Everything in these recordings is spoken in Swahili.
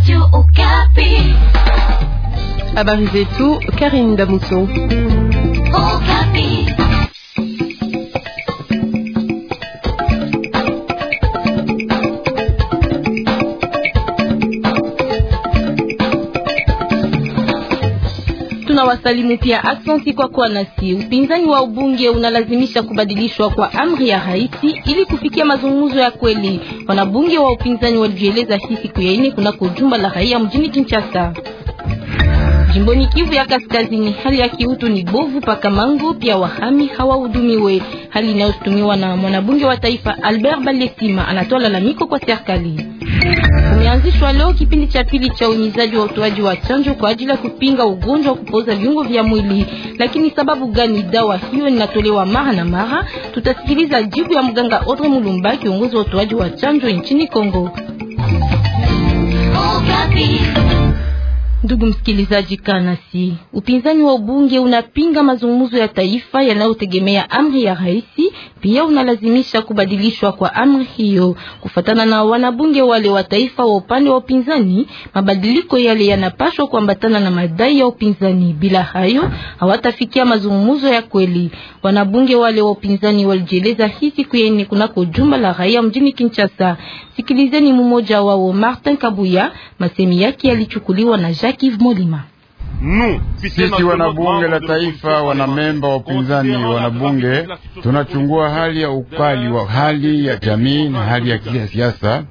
Radio Okapi. Habari zetu Karim Damuso. Okapi. tunawasalimu pia, asanti kwa kuwa nasi. Upinzani wa ubunge unalazimisha kubadilishwa kwa amri ya raisi ili kufikia mazungumzo ya kweli. Wanabunge wa upinzani walijieleza hii siku ya ine kunako jumba la raia mjini Kinshasa. Jimboni Kivu ya Kaskazini, hali ya kiutu ni bovu paka mango, pia wahami hawahudumiwe, hali inayoshutumiwa na mwanabunge wa taifa Albert Balesima. Anatoa lalamiko kwa serikali. Kumeanzishwa leo kipindi cha pili cha uhimizaji wa utoaji wa chanjo kwa ajili ya kupinga ugonjwa wa kupooza viungo vya mwili. Lakini sababu gani dawa hiyo inatolewa mara na mara? Tutasikiliza jibu ya mganga odre Mulumba, kiongozi wa utoaji wa chanjo nchini Kongo. Oh, Ndugu msikilizaji, kanasi upinzani wa ubunge unapinga mazungumzo ya taifa yanayotegemea amri ya rais, pia unalazimisha kubadilishwa kwa amri hiyo. Kufatana na wanabunge wale wa taifa wa upande wa upinzani, mabadiliko yale yanapaswa kuambatana na madai ya upinzani, bila hayo hawatafikia mazungumzo ya kweli. Wanabunge wale wa upinzani walijieleza hizi kwenye kunako jumba la raia mjini Kinshasa. Sikilizeni mmoja wao, Martin Kabuya, masemi yake yalichukuliwa na Jean Jack Molima. Sisi wanabunge la taifa, wanamemba wa upinzani, wanabunge tunachungua hali ya ukali wa hali ya jamii na hali ya kisiasa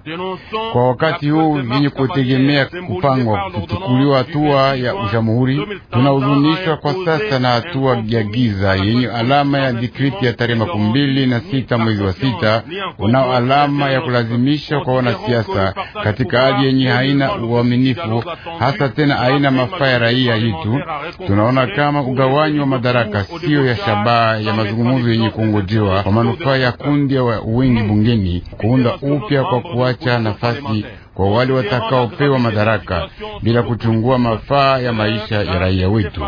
kwa wakati huu yenye kutegemea kupangwa kuchukuliwa hatua ya ushamuhuri Tunahuzunishwa kwa sasa na hatua ya giza yenye alama ya dikriti ya tarehe makumi mbili na sita mwezi wa sita unao alama ya kulazimisha kwa wanasiasa katika hali yenye haina uaminifu hasa tena haina mafaa ya raia hitu, tunaona kama ugawanyi wa madaraka siyo ya shabaha ya mazungumzo yenye kuongojewa kwa manufaa ya kundi wa wengi bungeni, kuunda upya kwa kuacha nafasi kwa wale watakaopewa madaraka bila kuchungua mafaa ya maisha ya raia wetu.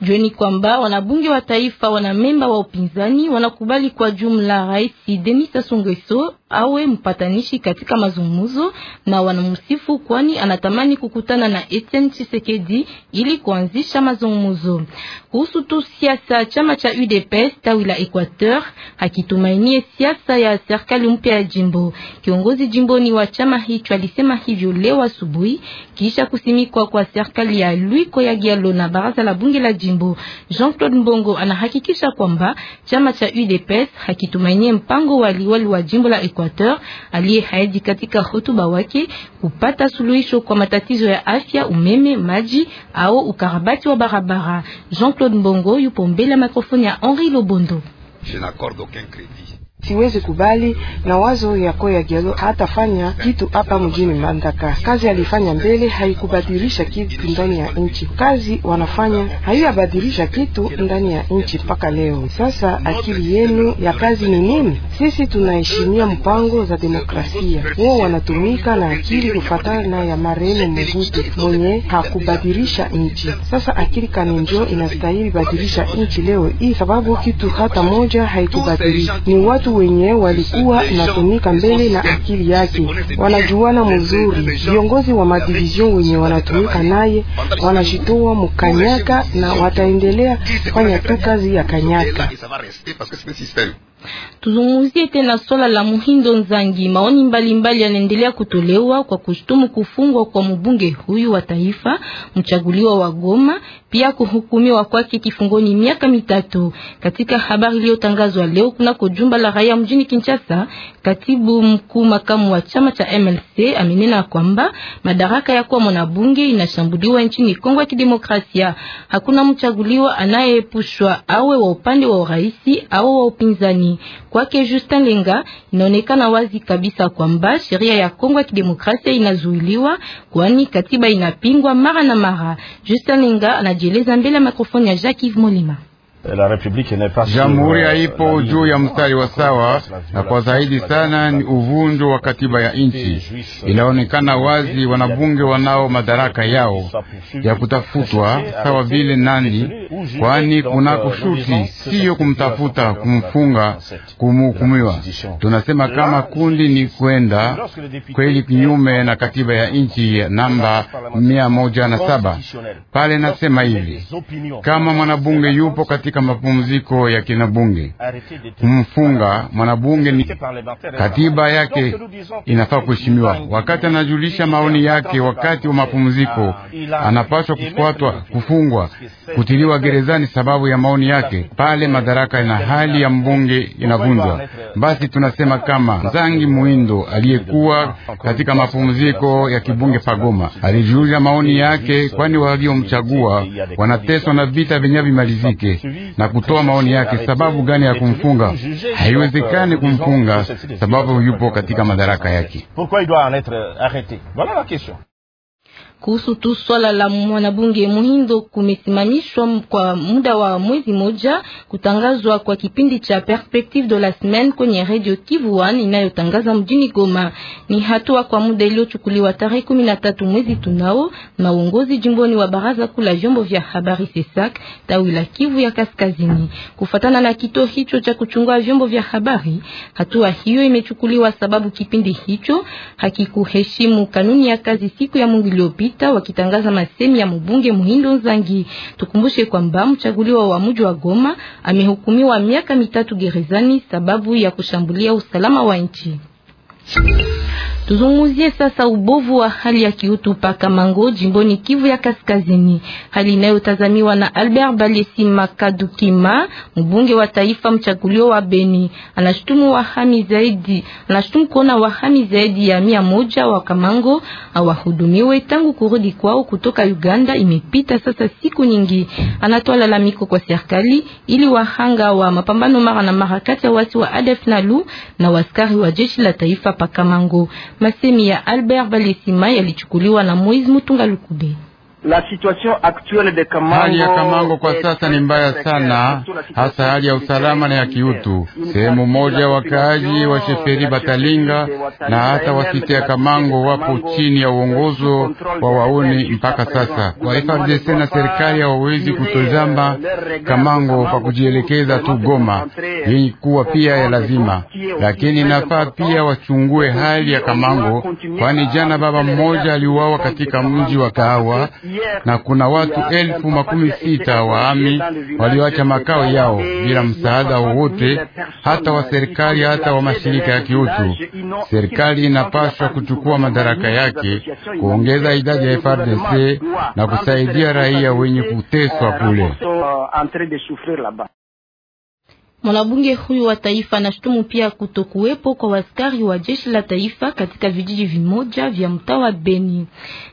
Jueni kwamba wanabunge wa taifa wana memba wa upinzani wanakubali kwa jumla Rais Denis Sassou Nguesso awe mpatanishi katika mazungumzo na wanamsifu, kwani anatamani kukutana na Etienne Tshisekedi ili kuanzisha mazungumzo kuhusu tu siasa. Chama cha UDPS tawi la Equateur hakitumainie siasa ya serikali mpya ya jimbo. Kiongozi jimboni wa chama hicho alisema hivyo leo asubuhi kisha kusimikwa kwa serikali ya Louis Koyagialo na baraza la bunge bunge la jimbo. Jean-Claude Mbongo anahakikisha kwamba chama cha UDPS hakitumainie mpango wa liwali wa jimbo la Equateur aliyehaidi katika hotuba wake kupata suluhisho kwa matatizo ya afya, umeme, maji au ukarabati wa barabara. Jean-Claude Mbongo yupo mbele ya mikrofoni ya Henri Lobondo. Je n'accorde aucun crédit siwezi kubali na wazo yako ya Gelo hatafanya kitu hapa mjini Mbandaka. Kazi alifanya mbele haikubadilisha kitu ndani ya nchi, kazi wanafanya haiyabadilisha kitu ndani ya nchi mpaka leo. Sasa akili yenu ya kazi ni nini? Sisi tunaheshimia mpango za demokrasia, wao wanatumika na akili kufatana ya marehemu Mobutu mwenye hakubadilisha nchi. Sasa akili kanenjo inastahili badilisha nchi leo hii, sababu kitu hata moja haikubadilika, ni watu wenye walikuwa natumika mbele na akili yake wanajuana mzuri. Viongozi wa madivizion wenye wanatumika naye wanashitoa mukanyaka na wataendelea kufanya tu kazi ya kanyaka. Tuzungumzie tena swala la Muhindo Nzangi. Maoni mbalimbali yanaendelea kutolewa kwa kushtumu kufungwa kwa mbunge huyu wa taifa mchaguliwa wa Goma, pia kuhukumiwa kwake kifungoni miaka mitatu. Katika habari iliyotangazwa leo kuna kujumba la raia mjini Kinshasa, katibu mkuu makamu wa chama cha MLC amenena kwamba madaraka ya kuwa mwanabunge inashambuliwa nchini Kongo ya Kidemokrasia. Hakuna mchaguliwa anayeepushwa awe wa upande wa uraisi au wa upinzani. Kwake Justin Lenga, inaonekana wazi kabisa kwamba sheria ya Kongo ya Kidemokrasia inazuiliwa, kwani katiba inapingwa mara na mara. Justin Lenga anajieleza mbele ya mikrofoni ya Jacques Yves Molima. Eh, Jamhuri euh, haipo juu ya mstari wa sawa, na kwa zaidi sana ni uvunjo wa katiba ya nchi. Euh, Inaonekana wazi wanabunge wanao euh, madaraka yao ya kutafutwa sawa vile nani, kwani kuna kushuti, siyo kumtafuta, kumfunga, kumhukumiwa. Tunasema kama kundi ni kwenda kweli kinyume na katiba ya nchi namba mia moja na saba. Pale nasema hivi kama mwanabunge yupo katika katika mapumziko ya kinabunge. Kumfunga mwanabunge ni katiba yake inafaa kuheshimiwa. Wakati anajulisha maoni yake wakati wa mapumziko, anapaswa kufuatwa, kufungwa, kutiliwa gerezani sababu ya maoni yake. Pale madaraka na hali ya mbunge inavunjwa, basi tunasema kama Zangi Muindo aliyekuwa katika mapumziko ya kibunge pagoma alijulisha maoni yake, kwani waliomchagua wanateswa na vita vyenye vimalizike na kutoa maoni yake, sababu gani ya kumfunga? Haiwezekani kumfunga sababu yupo katika madaraka yake. Kuhusu tu swala la mwanabunge Muhindo, kumesimamishwa kwa muda wa mwezi moja kutangazwa kwa kipindi cha Perspective de la Semaine kwenye Radio Kivu One inayotangaza mjini Goma. Ni hatua kwa muda iliyochukuliwa tarehe kumi na tatu mwezi tunao na uongozi jimboni wa baraza kula vyombo vya habari Sesak tawi la Kivu ya Kaskazini. Kufuatana na kituo hicho cha kuchungua vyombo vya habari, hatua hiyo imechukuliwa sababu kipindi hicho hakikuheshimu kanuni ya kazi siku ya Mungu iliyopita Tanganyika wakitangaza masemi ya mbunge Muhindo Nzangi. Tukumbushe kwamba mchaguliwa wa mji wa Goma amehukumiwa miaka mitatu gerezani sababu ya kushambulia usalama wa nchi. Tuzungumzie sasa ubovu wa hali ya kiutu paka Mango jimboni Kivu ya Kaskazini, hali inayotazamiwa na Albert Balesi Makadukima, mbunge wa taifa mchaguliwa wa Beni. Anashutumu wahami zaidi, anashutumu kuona wahami zaidi ya mia moja wa Kamango hawahudumiwe tangu kurudi kwao kutoka Uganda. Imepita sasa siku nyingi. Anatoa lalamiko kwa serikali ili wahanga wa mapambano mara na mara kati ya wasi wa ADF na lu na waskari wa jeshi la taifa paka Mango Masemi ya Albert Balesima yalichukuliwa na Moise Mutunga Lukube. Hali ya Kamango kwa sasa ni mbaya sana, hasa hali ya usalama na ya kiutu. Sehemu moja wakaaji wa Sheferi Batalinga na hata wasite ya Kamango wapo chini ya uongozo wa wauni mpaka sasa. Wa FARDC na serikali hawawezi kutozamba Kamango kwa kujielekeza tu Goma yenye kuwa pia ya lazima, lakini nafaa pia wachungue hali ya Kamango, kwani jana baba mmoja aliuawa katika mji wa Kahawa na kuna watu elfu makumi sita waami walioacha makao yao bila msaada wowote, hata wa serikali, hata wa mashirika ya kiutu. Serikali inapaswa kuchukua madaraka yake, kuongeza idadi ya FRDC na kusaidia raia wenye kuteswa kule. Mwanabunge huyu wa taifa anashutumu pia kutokuwepo kwa waskari wa jeshi la taifa katika vijiji vimoja vya mtaa wa Beni.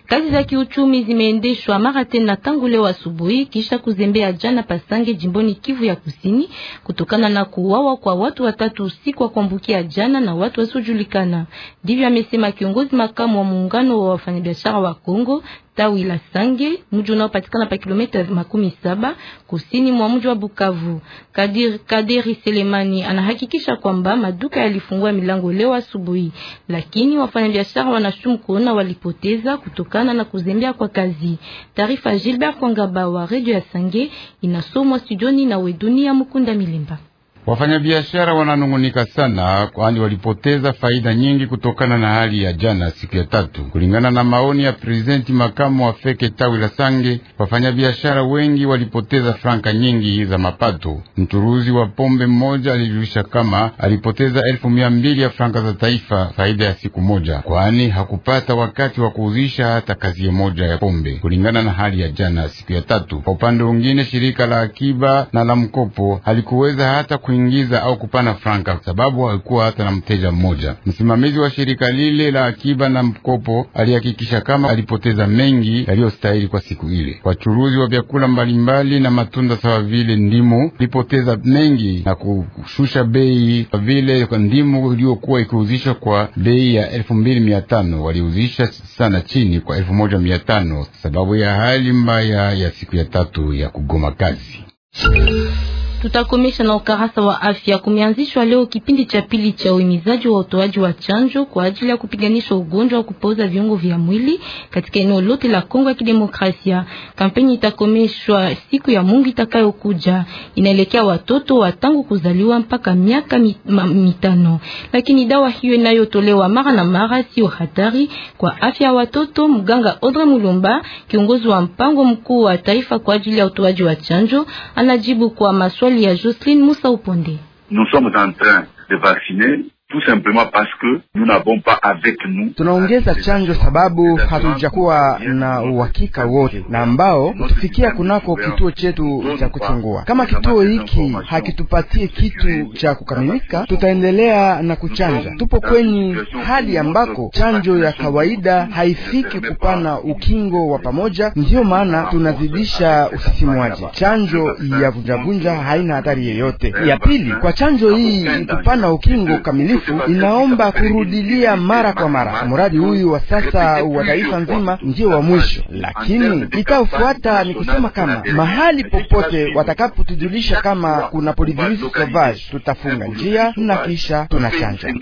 Kazi za kiuchumi zimeendeshwa mara tena tangu leo asubuhi kisha kuzembea jana Pasange jimboni Kivu ya Kusini kutokana na kuuawa kwa watu watatu usiku wa kuambukia jana na watu wasiojulikana. Ndivyo amesema kiongozi makamu wa muungano wa wafanyabiashara wa Kongo tawi la Sange, mji unaopatikana pa kilomita makumi saba kusini mwa mji wa Bukavu. Kadir Kaderi Selemani anahakikisha kwamba maduka yalifungua milango leo asubuhi, lakini wafanyabiashara wanashumu kuona walipoteza kutokana na kuzembea kwa kazi. Taarifa Gilbert Kwangaba wa Radio ya Sange inasomwa studioni na ya Mukunda Milimba. Wafanyabiashara wananungunika sana, kwani walipoteza faida nyingi kutokana na hali ya jana, siku ya tatu. Kulingana na maoni ya prezidenti makamu wa Feke tawi la Sange, wafanyabiashara wengi walipoteza franka nyingi za mapato. Mchuruzi wa pombe mmoja alijulisha kama alipoteza elfu mia mbili ya franka za taifa, faida ya siku moja, kwani hakupata wakati wa kuuzisha hata kazi moja ya pombe, kulingana na hali ya jana, siku ya tatu. Kwa upande mwingine, shirika la akiba na la mkopo halikuweza hata kuingiza au kupana franka, sababu haikuwa hata na mteja mmoja. Msimamizi wa shirika lile la akiba na mkopo alihakikisha kama alipoteza mengi yaliyostahili kwa siku ile. Wachuruzi wa vyakula mbalimbali na matunda sawa vile ndimu lipoteza mengi na kushusha bei, kwa vile ndimu iliyokuwa ikiuzishwa kwa bei ya elfu mbili mia tano waliuzisha sana chini kwa elfu moja mia tano sababu ya hali mbaya ya siku ya tatu ya kugoma kazi. Tutakomesha na ukarasa wa afya. Kumeanzishwa leo kipindi cha pili cha uhimizaji wa utoaji wa chanjo kwa ajili ya kupiganisha ugonjwa wa kupooza viungo vya mwili katika eneo lote la Kongo ya Kidemokrasia. Kampeni itakomeshwa siku ya Mungu itakayokuja, inaelekea watoto wa tangu kuzaliwa mpaka miaka mitano, lakini dawa hiyo inayotolewa mara na mara sio hatari kwa afya ya watoto. Mganga Audrey Mulumba, kiongozi wa mpango mkuu wa taifa kwa ajili ya utoaji wa chanjo, anajibu kwa maswali Nous sommes en train de vacciner Tunaongeza chanjo sababu hatujakuwa na uhakika wote na ambao kutufikia kunako kituo chetu cha kuchungua. Kama kituo hiki hakitupatie kitu cha kukamilika, tutaendelea na kuchanja. Tupo kwenye hali ambako chanjo ya kawaida haifiki kupana ukingo wa pamoja, ndiyo maana tunazidisha usisimwaji. Chanjo ya vunjavunja haina hatari yeyote. Ya pili, kwa chanjo hii kupana ukingo kamilifu inaomba kurudilia mara kwa mara. Mradi huyu wa sasa wa taifa nzima ndio wa mwisho, lakini itaofuata ni kusema kama mahali popote watakapotujulisha kama kuna polidivisi sauvage, tutafunga njia na kisha tunachanja.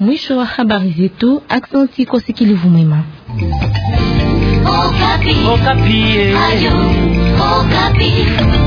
Mwisho wa habari zetu. Aksanti kwa usikilivu mwema. Okapi. Okapi. Eh.